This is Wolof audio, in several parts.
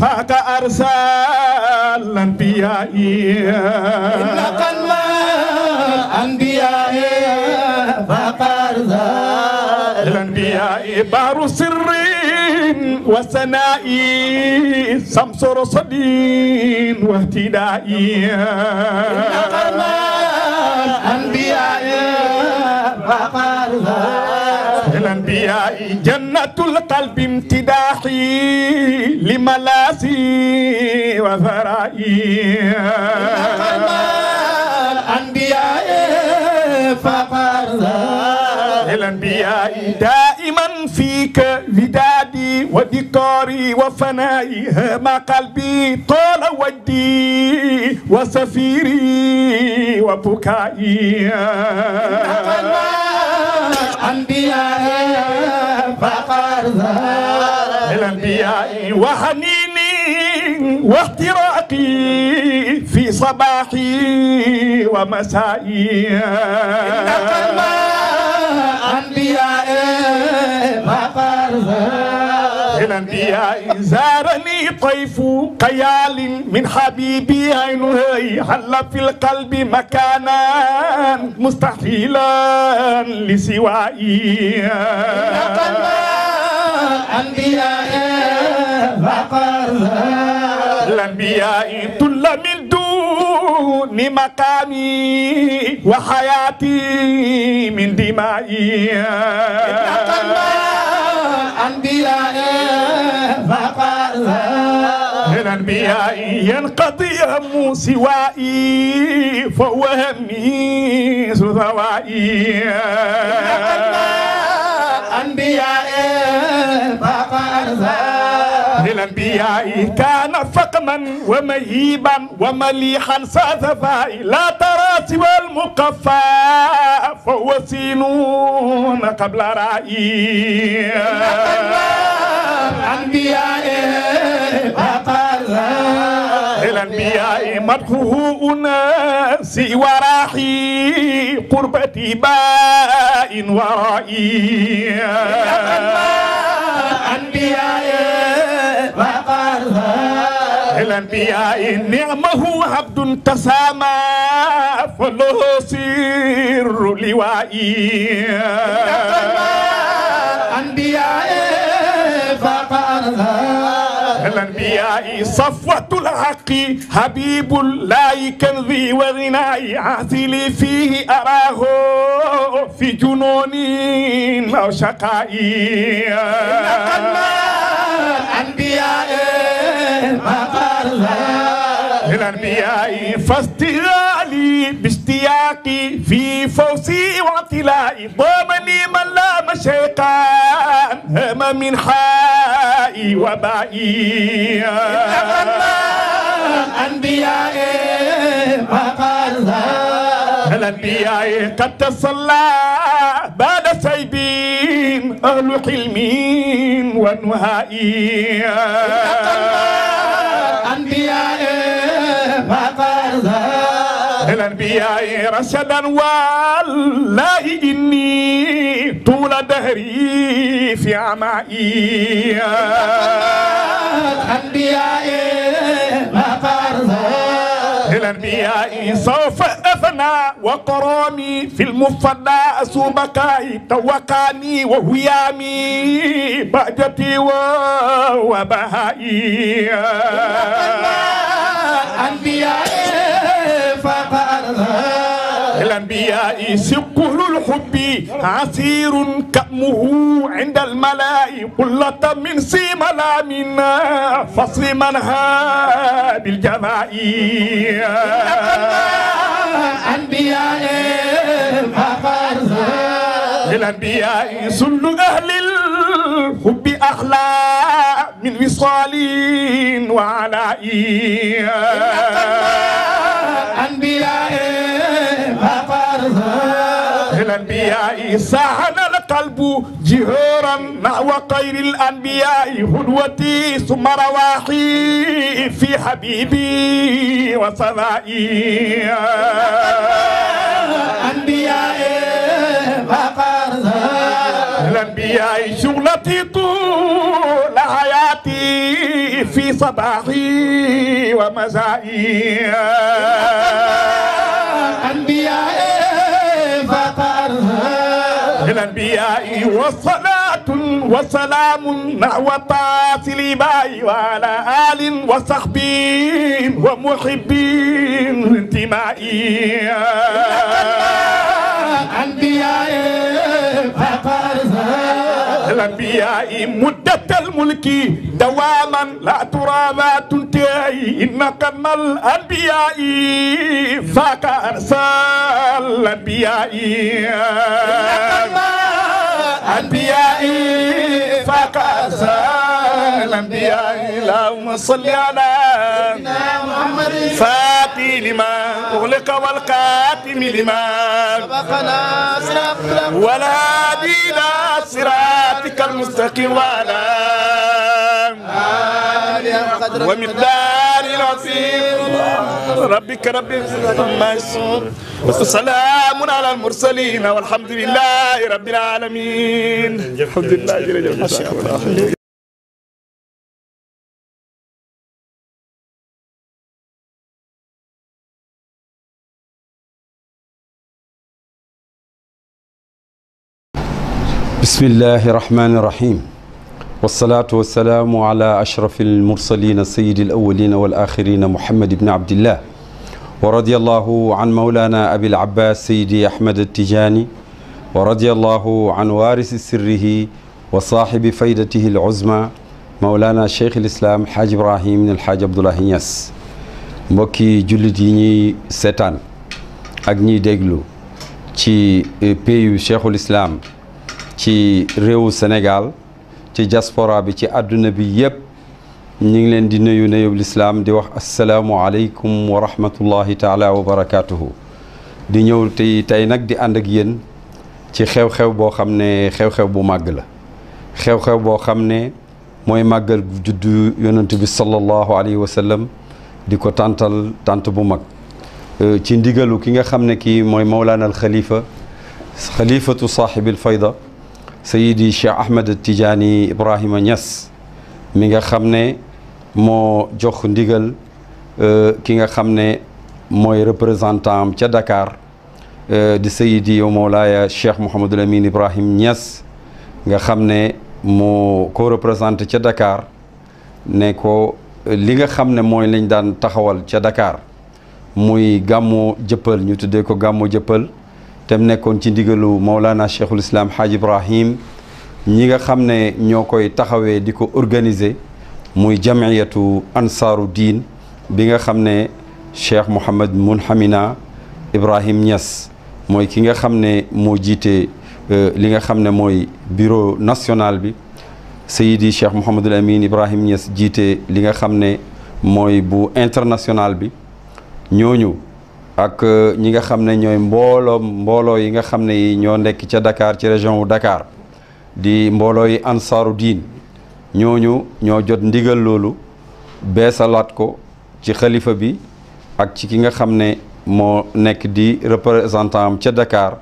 فاك أرسال الأنبياء إنك الماء أنبياء فاك أرسال الأنبياء بار سر وسناء سمس رصد واهتداء إنك الماء أنبياء فاك أرسال الأنبياء جنة القلب امتداحي لملاسي وثرائي الأنبياء فقرزا الأنبياء دائما فيك ودادي وذكاري وفنائي ما قلبي طال ودي وسفيري وبكائي أنبياء فقر للأنبياء وحنيني واحتراقي في صباحي ومسائي إنك الماء أنبياء فقر الانبياء زارني طيف قيال من حبيبي عينه حل في القلب مكانا مستحيلا لسوائي أنبياء فقد الأنبياء تل من دون مقامي وحياتي من دمائي الأنبياء فقال الأنبياء ينقضي هم سوائي فهو همي سوائي أنبياء فقال أهل الأنبياء كان فقما ومهيبا ومليحا ساذفا لا ترى سوى المقفى فهو سينون قبل رأي الأنبياء الأنبياء مدحه أناس وراحي قربتي باء ورائي الأنبياء الأنبياء نعمه عبد تسامى فله سر لوائي أنبياء الأنبياء صفوة الحق حبيب الله كنذي وغنائي عاثلي فيه أراه في جنوني أو شقائي أنبياء للأنبياء فاستغالي باشتياقي في فوزي واعتلائي ضامني من لا مشيقا هم من حائي وبائي أنبياء فقال الأنبياء قد تصلى بعد سيبين أهل حلمين ونهائي الأنبياء فترزا الأنبياء رشدا والله إني طول دهري في عمائي الأنبياء فترزا الأنبياء سوف أثنى وقرامي في المفدى أسوبكاي توكاني وهيامي بهجتي وبهائي أنبياء فقد الأنبياء سقل الحب عسير كأمه عند الملاء قلة من سيما لا منا فصل منها بالجماء أنبياء فخرز للأنبياء سل أهل الحب أحلى من وصال وعلاء أنبياء الأنبياء سهل القلب جهورا نحو خير الأنبياء هدوتي ثم رواحي في حبيبي وصلائي الأنبياء فقرزا الأنبياء شغلتي طول حياتي في صباحي ومسائي الأنبياء الأنبياء وصلاة وسلام نحو طاس الإباء وعلى آل وصحبين ومحبين انتمائي أنبياء فقرزان الأنبياء مدة الملك دواما لا ترابا تنتهي إن كم الأنبياء فاك أرسال الأنبياء أنبيائي فقد الأنبياء اللهم صل على سيدنا محمد فاتي لما أغلق والقاتم لما سبقنا صراط والهادي إلى صراطك المستقيم وعلى ومقدار العظيم ربك رب العزة وسلام على المرسلين والحمد لله رب العالمين الحمد لله جل جلاله بسم الله الرحمن الرحيم wasalaatu wasalaamu ala ashrafi almursalina sayidi alawalina walaxirina muhammad ibni abdillah wa radiallahu an maulana abil abbas sayidi ahmad attijani wa radiallahu an waarisi sirrihi wa saaxibi faydatihi aluzma maulana cheikh alislam haaj ibrahim alhaaj abdoulahi Niass mbokki jullit yi ñuy seetaan ak ñiy déglu ci euh, pays cheikhul islam ci réewu Sénégal ci diaspora bi ci àdduna bi yëpp ñu ngi leen di nuyu nuyub lislaam di wax asalaamualeykum wa rahmatullahi taala wa barakaatuhu di ñëw tey tey nag di ànd ak yéen ci xew-xew boo xam ne xew-xew bu màgg la xew-xew boo xam ne mooy màggal juddu yonent bi sallallahu alayhi di ko tàntal tànt bu mag euh, ci ndigalu ki nga xam ne kii mooy mawlaana al xalifa xalifatu saaxibil fayda sayidi Cheikh Ahmed Tidiane Ibrahima Niass mi nga xam ne moo jox ndigal euh, ki nga xam ne mooy representant am ca Dakar euh, di sayidi Mawlaaya Cheikh Mouhamadul Amin Ibrahim ñas nga xam ne moo ko ca Dakar ne ko li nga xam ne mooy lañ daan taxawal ca Dakar muy gàmmu jëppal ñu tuddee ko gàmmu jëppal te mu nekkoon ci ndigalu Maulana Cheikhul Islam Hadj Ibrahim ñi nga xam ne ñoo koy taxawee di ko organiser muy jamiyatu ansaaru diin bi nga xam ne Cheikh Mouhamed Mounhamina Ibrahim Niass mooy ki nga xam ne moo jiite euh, li nga xam ne mooy bureau national bi Seydi Cheikh Mouhamadul Amin Ibrahim Niass jiite li nga xam ne mooy bu international bi ñooñu. ak euh, ñi nga xam ne ñooy mbooloo mbooloo yi nga xam ne yi ñoo nekk ca dakaar ci région wu dakaar di mbooloo yi ansaaru diin ñooñu ñoo jot ndigal loolu beesalaat ko ci xalifa bi ak ci ki nga xam ne moo nekk di représentant am ca dakaar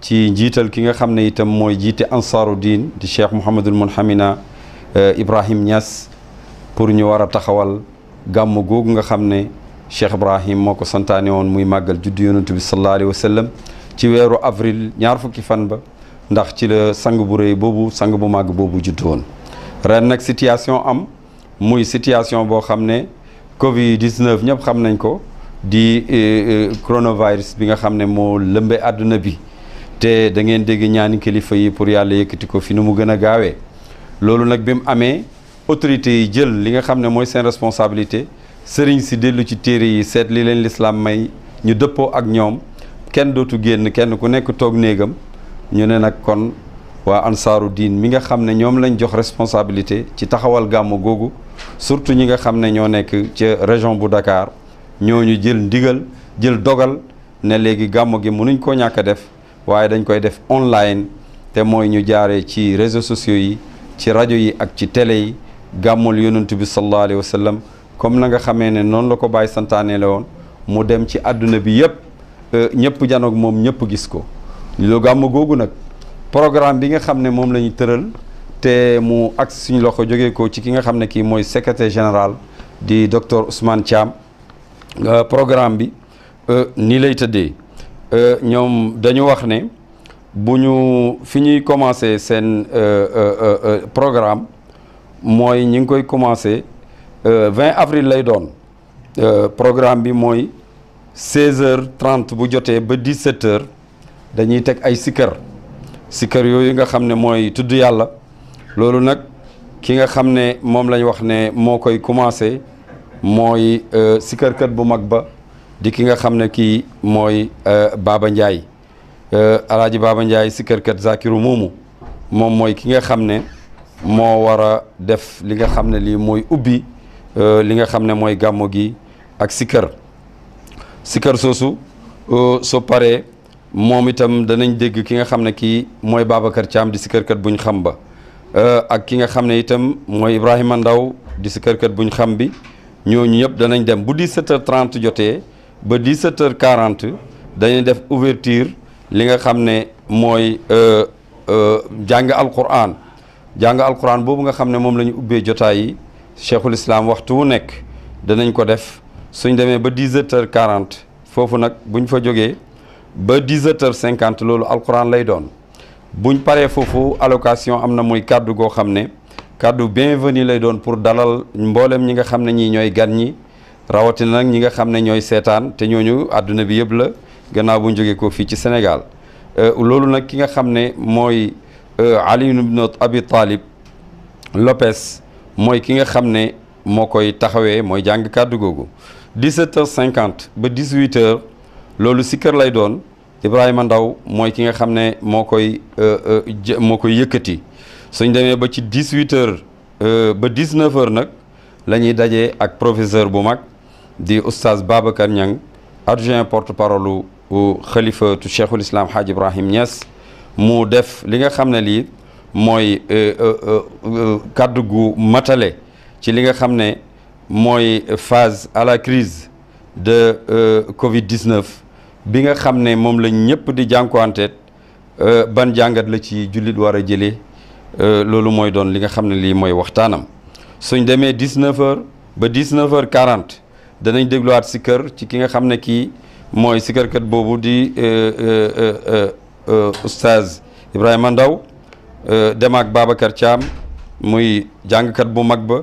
ci njiital ki nga xam ne itam mooy jiite ansaaru diin di Cheikh Mouhamadul Munhamina euh, Ibrahim ñas pour ñu war a taxawal gàmm googu nga xam ne cheikh Ibrahim moo ko santaane woon muy màggal juddu yonent bi sallallahu alayhi wa sallam ci weeru avril ñaar fukki fan ba ndax ci la sang bu rëy boobu sang bu màgg boobu juddu woon ren nag situation am muy situation boo xam ne Covid 19 ñëpp xam nañ ko di eh, eh, coronavirus bi nga xam ne moo lëmbe àdduna bi te da ngeen dégg ñaani kilifa yi pour yàlla yëkkati ko fi nu mu gën a gaawee loolu nag bi mu amee autorités yi jël li nga xam ne mooy seen responsabilité. sëriñ si dellu ci téere yi seet li leen lislaam may ñu dëppoo ak ñoom kenn dootu génn kenn ku nekk toog néegam ñu ne nag kon waa ansaaru diin mi nga xam ne ñoom lañ jox responsabilité ci taxawal gàmmu googu surtout ñi nga xam ne ñoo nekk ca région bu Dakar ñu jël ndigal jël dogal ne léegi gàmmu gi mënuñ koo ñàkk a def waaye dañ koy def online te mooy ñu jaaree ci réseaux sociaux yi ci rajo yi ak ci télé yi gàmmul yonent bi sallallahu alayhi wa comme na nga xamee ne noonu la ko bàyyi santaane la woon mu dem ci àdduna bi yëpp euh, ñëpp janook moom ñëpp gis ko lu gàmm googu nag programme bi nga xam ne moom la ñu tëral te mu ak suñu loxo jógee ko ci ki nga xam ne kii mooy secrétaire général di docteur Ousmane Thiam euh, programme bi euh, nii lay tëddee ñoom dañu wax ne bu ñu fi ñuy commencé seen programme mooy ñu ngi koy commencé 20 euh, avril lay doon euh, programme bi mooy 16 h bu jotee ba 17h dañuy teg ay sikkar sikkar yooyu nga xam ne mooy tudd yàlla loolu nag ki nga xam ne moom lañ wax ne moo koy commencé mooy euh, sikkarkat bu mag ba di ki nga xam ne kii mooy Baba Ndiaye alaaji Baba Ndiaye sikkarkat Zakiru moomu moom mooy ki nga xam ne moo war a def li nga xam ne lii mooy ubbi Euh, li nga xam ne mooy gàmmo gi ak sikkar sikkar soosu euh, soo pare moom itam danañ dégg ki nga xam ne kii mooy Babacar Thiam di sikkarkat buñ xam ba euh, ak ki nga xam ne itam mooy Ibrahima Ndaw di sikkarkat buñ xam bi ñooñu ñëpp danañ dem bu 17h30 jotee ba di h 40 dañuy def ouverture li nga xam ne mooy jàng alquran jàng alquran boobu nga xam ne moom la ñu ubbee jotaay yi cheikhul islam waxtu wu nekk danañ ko def suñ demee ba dix sept quarante foofu nag bu ñu fa jógee ba di sept heures cinquante loolu alquran lay doon buñ paree foofu allocation am na muy kàddu goo xam ne kàddu bien bienvenu lay doon pour dalal mboolem ñi nga xam ne ñii ñooy gan ñi rawatina nag ñi nga xam ne ñooy seetaan te ñoo ñu àdduna bi yëpp la gannaaw bu ñu jógee ko fii ci Sénégal euh, loolu nag ki nga xam ne mooy euh, Ali ibn Abi Talib Lopes mooy ki nga xam ne moo koy taxawee mooy jàng kàddu googu 17 h ba 18h loolu kër lay doon Ibrahima Ndaw mooy ki nga xam ne moo koy euh, euh, moo koy yëkkati suñ demee ba ci 18h euh, ba 19h nag la ñuy dajee ak professeur bu mag di oustaz Babacar Niang adjoint porte-parole u xalifatu cheikhul islam Hadj Ibrahim Niass mu def li nga xam ne lii. mooy euh, euh, euh, kàddu gu matale ci li nga xam ne mooy phase à la crise de Covid 19 bi nga xam ne moom lañ ñëpp di jànkuwanteet ban jàngat la ci jullit war a jëlee loolu mooy doon li nga xam ne lii mooy waxtaanam suñ demee 19 heures ba 19 heures 40 danañ dégluwaat si kër ci ki nga xam ne kii mooy si kërkat boobu di oustaz Ibrahima Ndaw Euh, dem ak Babacar Thiam muy jàngkat bu mag ba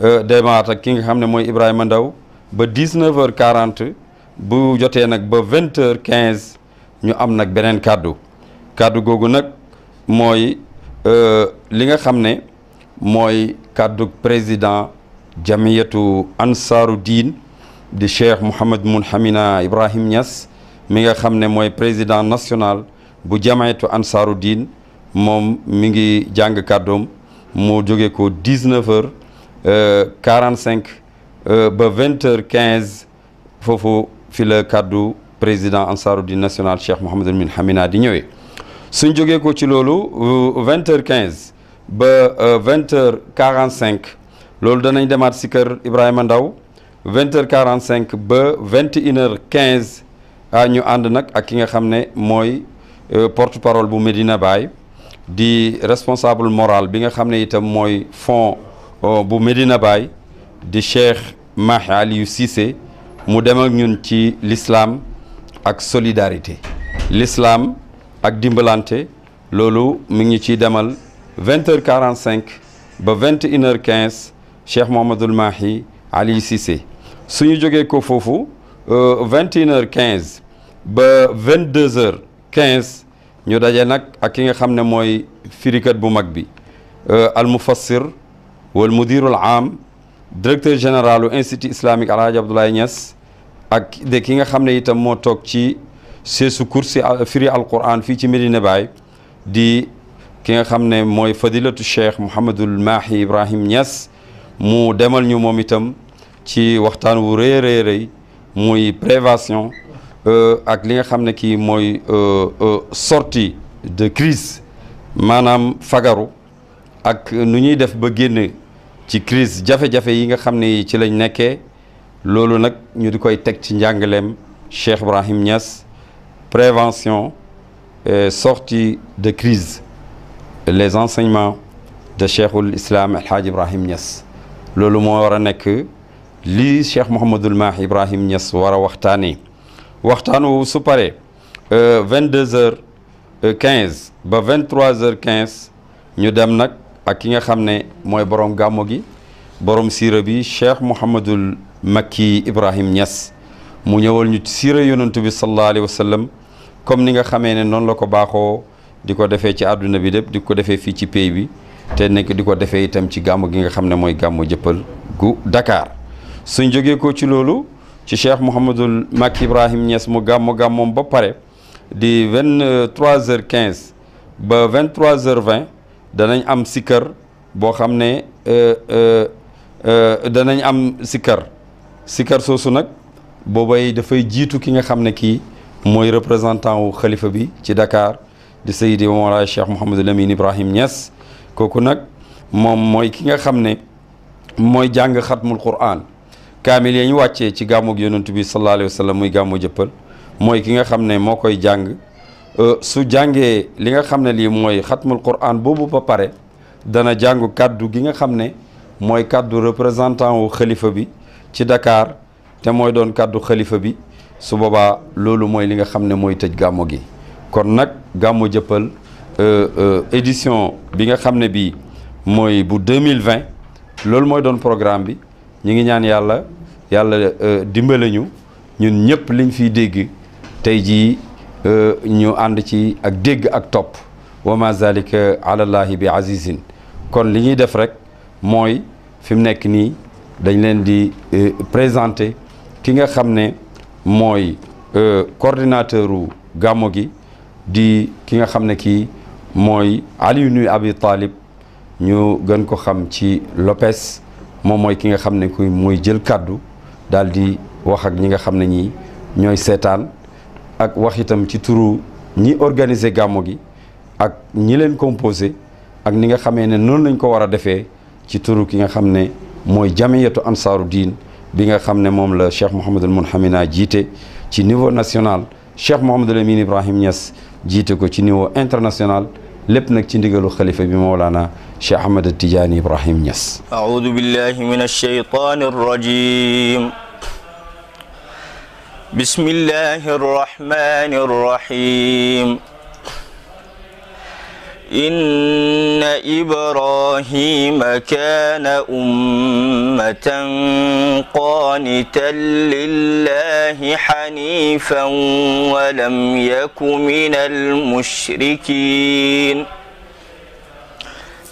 euh, demaat ak ki nga xam ne mooy Ibrahima Ndaw ba 19 heures 40 bu jotee nag ba 20 heures 15 ñu am nag beneen kàddu kàddu googu nag mooy euh, li nga xam ne mooy kàddu président jamiyatu ansaaru diin di cheikh Mouhamad Mounhamina Ibrahim Niass mi nga xam ne mooy président national bu jamiyatu ansaaru diin moom mi ngi jàng kàddoom moo jóge ko dix neuf heures euh, quarante cinq euh, ba vingt heures quinze foofu fi la kàddu président Ansaarud-Din national Cheikh Mouhamed Lamine Hamina di ñëwee suñ jógee ko ci loolu euh, vingt heures quinze ba vingt quarante cinq loolu danañ demaat si kër Ibrahima Ndaw vingt heures quarante ba vingt et quinze ah ñu ànd nag ak ki nga xam ne mooy porte parole bu Medina Baye. di responsable moral bi nga xam ne itam mooy fond euh, bu Medina baay di Cheikh Mahi Aliou Cissé mu dem ak ñun ci lislaam ak solidarité lislaam ak dimbalante loolu mu ngi ciy demal vingt quarante cinq ba vingt et une heures quinze Cheikh Mouhamadoul Mahi Aliou Cissé suñu jógee ko foofu euh, vingt et quinze ba vingt deux heures quinze ñu daje nag ak ki nga xam ne mooy firikat bu mag bi euh, al mufassir wal mudirul am directeur général u institut islamique alhaji Abdoulaye Niass ak de ki nga xam ne itam moo toog ci seesu kursi euh, firi alquran fii ci Medina baay di ki nga xam ne mooy fadilatu cheikh Mouhamadul Mahi Ibrahim Niass mu demal ñu moom itam ci waxtaan wu rëy rëy rëy muy prévention Euh, ak li nga xam ne kii mooy euh, euh, sortie de crise maanaam fagaru ak nu ñuy def ba génn ci crise jafe-jafe yi nga xam ne ci lañ nekkee loolu nag ñu di koy teg ci njàngaleem Cheikh Ibrahim Niass prévention et sortie de crise les enseignements de Cheikhul Islam El Hadj Ibrahim Niass loolu moo war a nekk lii Cheikh Mouhamadul Mahi Ibrahim Niass war a waxtaanee. waxtaan woowu su paree euh, vingt deux heures quinze ba vingt trois heures ñu dem nag ak ki nga xam ne mooy borom gàmmo gi borom siira bi Cheikh Mouhamadul Makki Ibrahim ñas mu ñëwal ñu siira yonantu bi sallallahu alayhi comme ni nga xamee ne noonu la ko baaxoo di ko defee ci àdduna bi lépp di ko defee fii ci pays bi te nekk di ko defee itam ci gàmmu gi nga xam ne mooy gàmmu jëppal gu Dakar suñ jógee ko ci loolu ci cheikh Mouhamadul Makki Ibrahim Niass mu gàmmu gàmmoom ba pare di vingt trois heures quinze ba vingt trois heures vingt danañ am sikkar boo xam ne euh, euh, euh, danañ am sikkar sikkar soosu nag boobay dafay jiitu ki nga xam ne kii mooy représentant wu xalifa bi ci Dakar di Seydi Mawlaay Cheikh Mouhamadul Amin Ibrahim Niass kooku nag moom mooy ki nga xam ne mooy jàng xatmul Qur'an. kaamil ya ñu wàccee ci gàmmug yonentu bi sallallahu alayhi wa muy gàmmu jëppal mooy ki nga xam ne moo koy jàng euh, su jàngee li nga xam ne lii mooy xatmul quran boobu ba pare dana jàngu kàddu gi nga xam ne mooy kàddu représentant wu xalifa bi ci dakaar te mooy doon kàddu xalifa bi su boobaa loolu mooy li nga xam ne mooy tëj gàmmu gi kon nag gàmmu jëppal euh, euh, édition bi nga xam ne bii mooy bu 2020 loolu mooy doon programme bi ñu ngi ñaan yàlla yàlla euh, dimbale ñu ñun ñëpp liñ fi dégg tey jii euh, ñu ànd ci ak dégg ak topp wa ma zalika alallaahi bi azizin kon li ñuy def rek mooy fi mu nekk nii dañ leen di euh, présenter ki nga xam ne mooy coordinateur u gàmmo gi di ki nga xam ne kii mooy Alioune Abi Talib ñu gën ko xam ci Lopes moom mooy ki nga xam ne ku mooy jël kàddu daal di wax ak ñi nga xam ne ñii ñooy seetaan ak wax itam ci turu ñi organiser gàmmu gi ak ñi leen composé ak ni nga xamee ne noonu lañ ko war a defee ci turu ki nga xam ne mooy jamiyatu ansaaru diin bi nga xam ne moom la Cheikh Mouhamadul Mounhamina jiite ci niveau national Cheikh Mouhamadul Amin Ibrahim Niass jiite ko ci niveau international lépp nag ci ndigalu xalifa bi naa Cheikh Ahmed Tidiane Ibrahim Niass. aoudu billahi mina shaytaani rajiim. bismillahi rahmaani rahiim. inna ibrahima kaana ummatan qaanitan lillahi xaniifan walam yaku minal mushrikiin.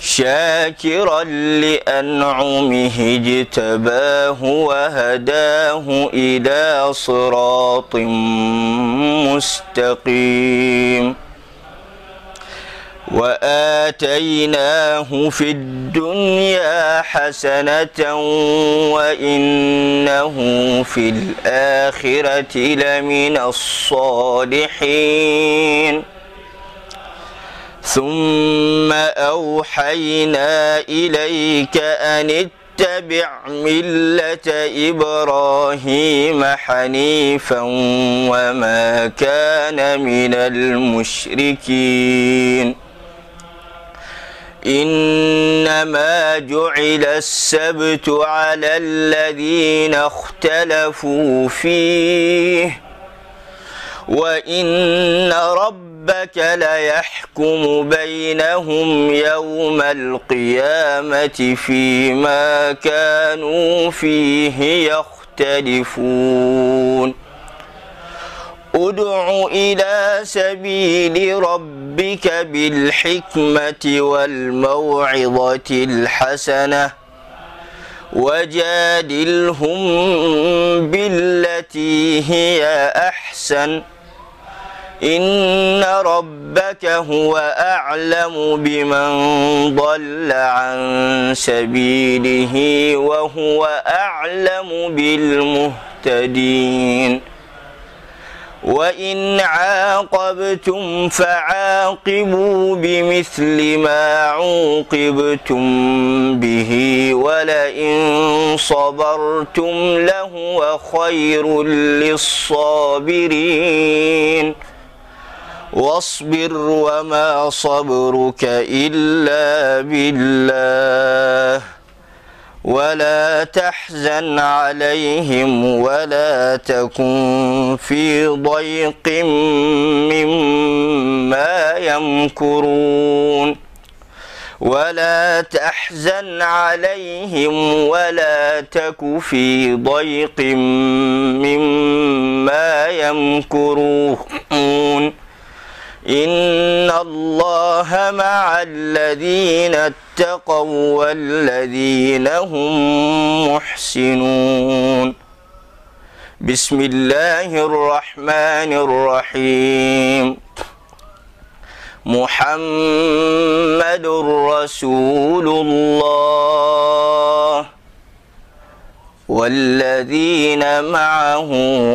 شاكرا لأنعمه اجتباه وهداه إلى صراط مستقيم وآتيناه في الدنيا حسنة وإنه في الآخرة لمن الصالحين ثم أوحينا إليك أن اتبع ملة إبراهيم حنيفا وما كان من المشركين إنما جعل السبت على الذين اختلفوا فيه وإن رب ربك ليحكم بينهم يوم القيامة فيما كانوا فيه يختلفون ادع إلى سبيل ربك بالحكمة والموعظة الحسنة وجادلهم بالتي هي أحسن إن ربك هو أعلم بمن ضل عن سبيله وهو أعلم بالمهتدين وإن عاقبتم فعاقبوا بمثل ما عوقبتم به ولئن صبرتم لهو خير للصابرين واصبر وما صبرك إلا بالله ولا تحزن عليهم ولا تكن في ضيق مما يمكرون ولا تحزن عليهم ولا تك في ضيق مما يمكرون إن الله مع الذين اتقوا والذين هم محسنون بسم الله الرحمن الرحيم محمد رسول الله والذين معه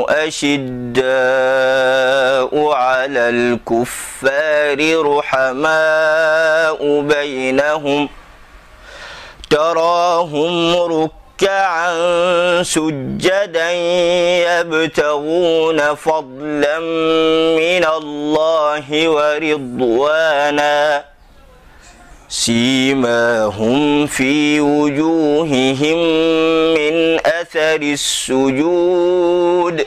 أشداء على الكفار رحماء بينهم تراهم ركعا سجدا يبتغون فضلا من الله ورضوانا سيماهم في وجوههم من أثر السجود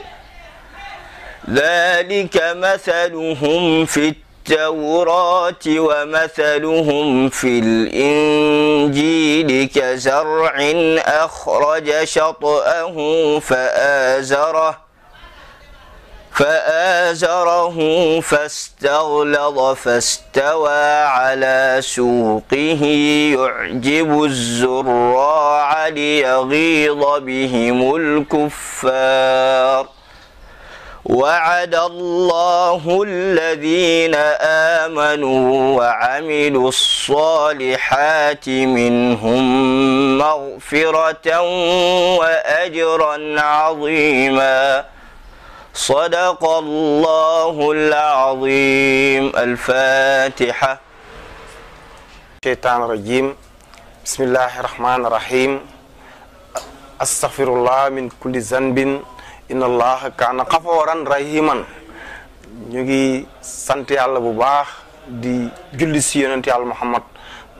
ذلك مثلهم في التوراة ومثلهم في الإنجيل كزرع أخرج شطأه فآزره فآزره فاستغلظ فاستوى على سوقه يعجب الزراع ليغيظ بهم الكفار وعد الله الذين آمنوا وعملوا الصالحات منهم مغفرة وأجرا عظيماً صدق الله العظيم الفاتحة الشيطان الرجيم بسم الله الرحمن الرحيم أستغفر الله من كل ذنب إن الله كان غفورا رحيما ñu ngi sant yàlla bu baax di julli si yonent yàlla Muhammad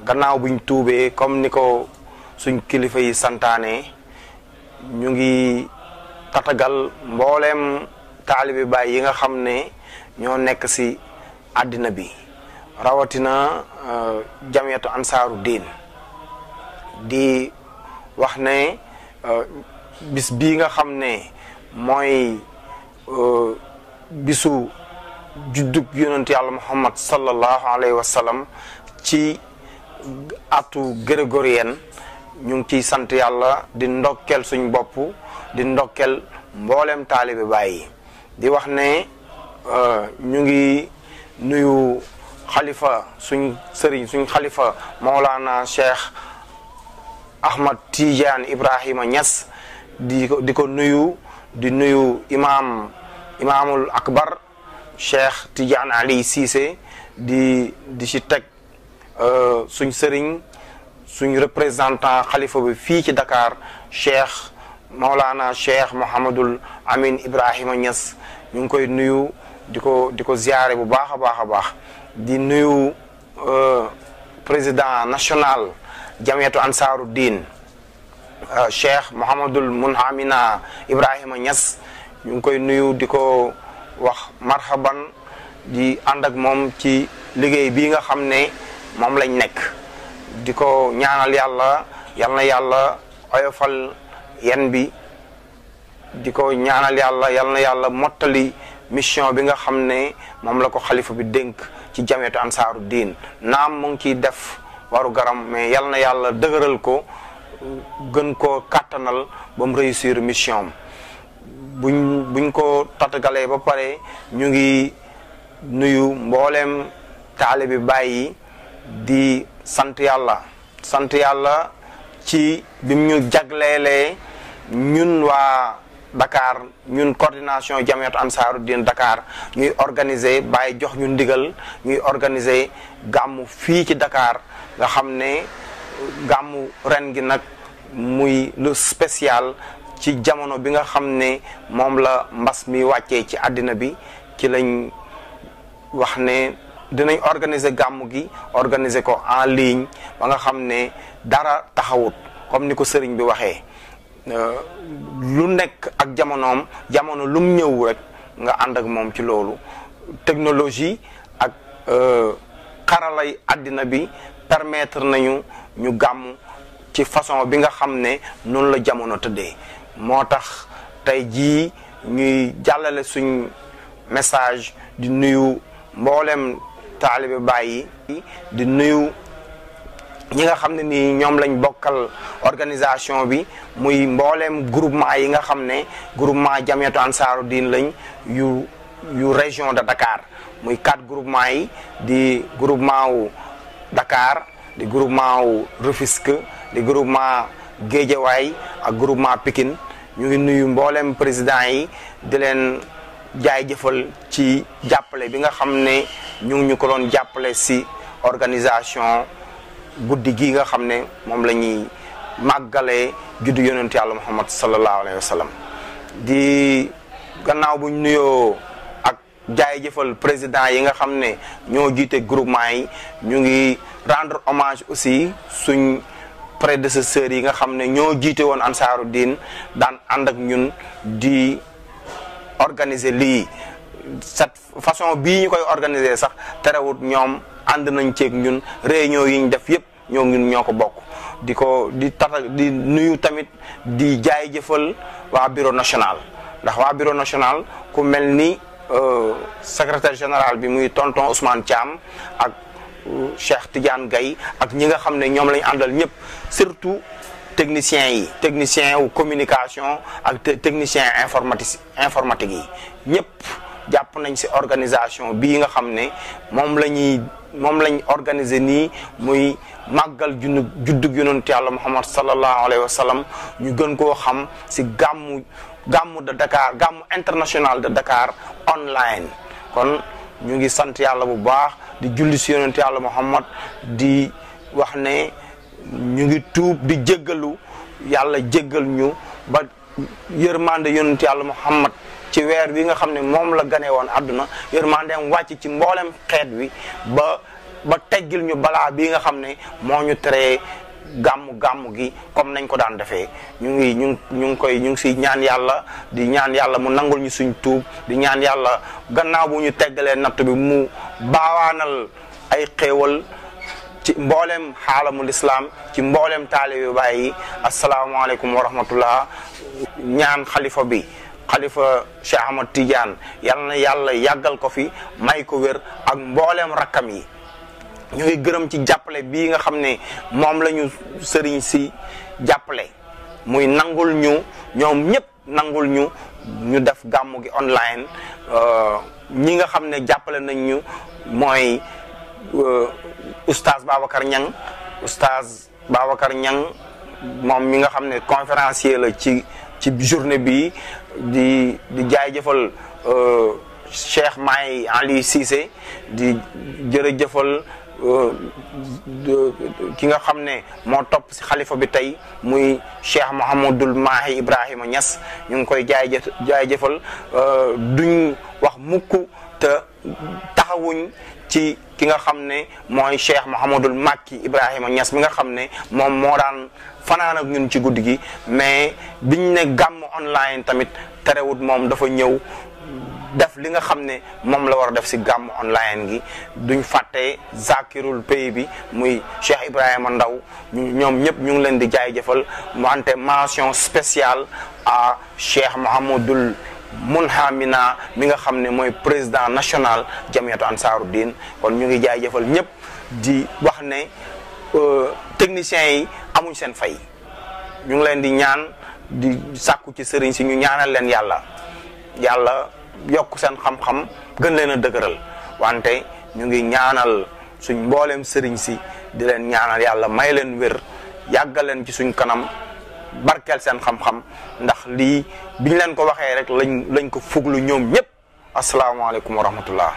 gannaaw buñ tuubee comme ni ko suñ kilifa yi santaane ñu ngi tatagal mbooleem taalibe baay yi nga xam ne ñoo nekk si àddina bi rawatina euh, jamiyatu ansaaru diin di wax ne euh, bis bii nga xam ne mooy euh, bisu juddub yonent yàlla muhammad sallallahu alayhi wa sallam ci atu grégorien ñu ngi ciy sant yàlla di ndokkel suñ bopp di ndokkel mboolem taalibe Baay di wax ne euh, ñu ngi nuyu xalifa suñ sëriñ suñ xalifa Maulana Cheikh Ahmad Tidiane Ibrahima Niass di di ko nuyu di nuyu imaam imaamul akbar Cheikh Tidiane Ali Cissé di di ci teg euh, suñ sëriñ suñ représentant xalifa bi fii ci Dakar Cheikh. Maulana Cheikh Mouhamadul Amin Ibrahima Niass ñu ngi koy nuyu di ko di ko ziare bu baax a baax a baax di nuyu euh, président national jamiyatu ansaaru din euh, Cheikh Mouhamadul Munhamina Ibrahima Niass ñu ngi koy nuyu di ko wax marhaban di ànd moom ci liggéey bi nga xam ne moom lañ nekk di ko ñaanal yàlla yal yàlla oyofal. yan bi di ko ñaanal yàlla yal na yàlla mottali mission bi nga xam ne moom la ko xalifa bi dénk ci jameetu ansaaru diin naam mu ngi ciy def waru garam mais yal na yàlla dëgëral ko gën koo kàttanal ba mu réussir mission am buñ buñ ko tatagalee ba pare ñu ngi nuyu mbooleem taalibi Baay yi di sant yàlla sant yàlla ci bi mu ñu jagleelee ñun waa Dakar ñun coordination Jamiyatu Ansaaruddin dakaar ñuy organiser bàyyi jox ñu ndigal ñuy organiser gàmmu fii ci dakaar nga xam ne gàmmu ren gi nag muy lu special ci jamono bi nga xam ne moom la mbas mi wàccee ci àddina bi ci lañ wax ne dinañ organiser gàmm gi organiser ko en ligne ba nga xam ne dara taxawut comme ni ko sëriñ bi waxee euh, lu nekk ak jamonoom jamono lum ñëw rek nga ànd ak moom ci loolu technologie ak euh, xaralay àddina bi permettre nañu ñu gàmm ci façon bi nga xam ne noonu la jamono tëddee moo tax tey jii ñuy jàllale suñ message di nuyu mboolem taalibe Baay yi di nuyu ñi nga xam ne nii ñoom lañ bokkal organisation bi muy mbooleem groupement yi nga xam ne groupement Jamiyatu Ansaaru Diin lañ yu yu région de dakaar muy quatre groupement yi di groupement wu Dakar di groupement wu Rufisque di groupement Géejawaay ak groupement pikin ñu nuyu mboolem président yi di leen jaay jëfal ci jàppale bi nga xam ne ñu ñu ko doon jàppale si organisation guddi gi nga xam ne moom la ñuy màggalee juddu yonent yàlla muhammad sallallahu alayhi wa sallam di gannaaw buñ nuyoo ak jaay jëfal président yi nga xam ne ñoo jiite groupement yi ñu ngi rendre hommage aussi suñ prédécesseurs yi nga xam ne ñoo jiite woon ansaaru diin daan ànd ak ñun di organiser lii cette façon bii ñu koy organiser sax terewut ñoom ànd nañ ceeg ñun réunion yi ñu def yëpp ñoo ñun ñoo ko bokk di ko di tata di nuyu tamit di jaay jëfal waa bureau national ndax waa bureau national ku mel ni euh, secretaire général bi muy tonton Ousmane Thiam ak euh, Cheikh Tidiane Gaye ak ñi nga xam ne ñoom lañ àndal ñëpp surtout techniciens yi technicien wu communication ak technicien informatique informatique yi ñëpp jàpp nañ si organisation bii nga xam ne moom la ñuy moom lañ organiser nii muy màggal junnu juddug yonent yàlla Muhammad sallallahu alayhi wa sallam ñu gën koo xam si gàmmu gàmmu de Dakar gàmmu international de Dakar online kon ñu ngi sant yàlla bu baax di julli si yonent yàlla Muhammad di wax ne ñu ngi tuub di jëggalu yàlla jéggal ñu ba yërmande yonent yàlla muhammad ci weer wi nga xam ne moom la gane woon àdduna yërmandeem wàcc ci mboolem xeet wi ba ba teggil ñu balaa bi nga xam ne moo ñu teree gàmm gàmm gi comme nañ ko daan defee ñu ngi ñu ñu ngi koy ñu ngi si ñaan yàlla di ñaan yàlla mu nangul ñu suñ tuub di ñaan yàlla gannaaw bu ñu teggalee natt bi mu baawaanal ay xéewal ci mboolem xaalamul islaam ci mboolem taalibi Baay yi asalaamaaleykum wa rahmatullah ñaan xalifa bi xalifa Cheikh Ahmad Tidiane yal na yàlla yàggal ko fi may ko wér ak mboolem rakkam yi ñu ngi gërëm ci jàppale bii nga xam ne moom lañu sëriñ si jàppale muy nangul ñu ñoom ñëpp nangul ñu ñu def gàmmu gi online euh, ñi nga xam ne jàppale nañ ñu mooy euh, oustaz Babacar Niang oustaz Babacar Niang moom mi nga xam ne conférencier la ci ci journée bi di di jaay jëfal euh, Cheikh May Ali Cissé di jërëjëfal euh, ki nga xam ne moo topp si xalifa bi tey muy Cheikh Mouhamadul Mahi Ibrahima Niass ñu ngi koy jaay jë jëfal euh, duñ wax mukk te taxawuñ ci ki nga xam ne mooy Cheikh Mouhamadul Makki ibrahim Niass mi nga xam ne moom moo daan fanaan ak ñun ci guddi gi mais biñ ne gàmm online tamit tere wut moom dafa ñëw def li nga xam ne moom la war a def si gàmm online gi duñ fàtte zakirul pays bi muy Cheikh Ibrahima Ndaw ñoom ñëpp ñu ngi leen di jaay jëfal wante mention spéciale à Cheikh Mouhamadul mun Munhamina mi nga xam ne mooy président national jamiyatu Ansaarud-Din kon ñu ngi jaajëfal ñëpp di wax ne euh, techniciens yi amuñ seen fay ñu ngi leen di ñaan di sàkku ci sëriñ si ñu ñaanal leen yàlla yàlla yokk seen xam-xam gën leen a dëgëral wante ñu ngi ñaanal suñ mbooleem sëriñ si di leen ñaanal yàlla may leen wér yàggal ci suñ kanam barkeel seen xam-xam ndax lii biñ leen ko waxee rek lañ lañ ko fuglu ñoom ñëpp asalaamaaleykum wa rahmatullah